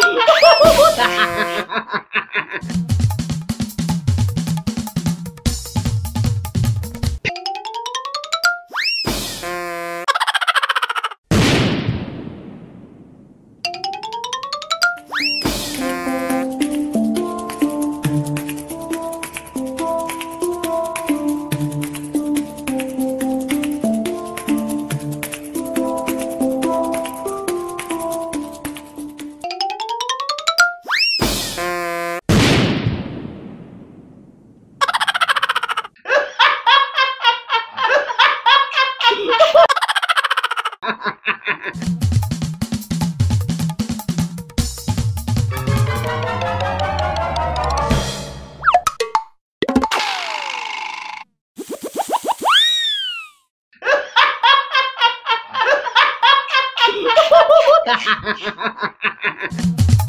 Ha ha ha ha! Ha ha ha ha ha!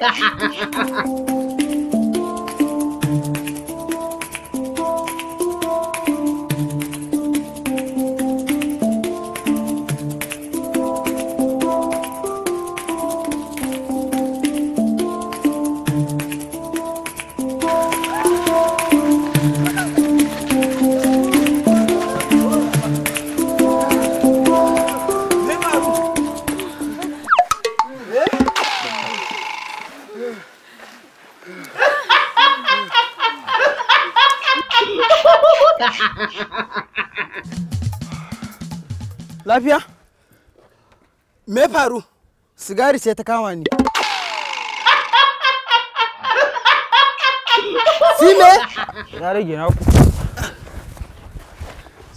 哈哈哈哈哈！Lafiya? Me faru? Sigari ce ta kama ni. Si Ya rage na ku.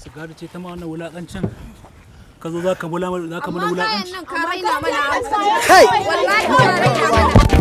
Sigari ce ta ma wannan wulakancin. Ka zo za ka mana wulakancin. Amma nan ka raina mana. Kai! Wallahi ka mana.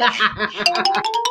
Ha ha ha ha!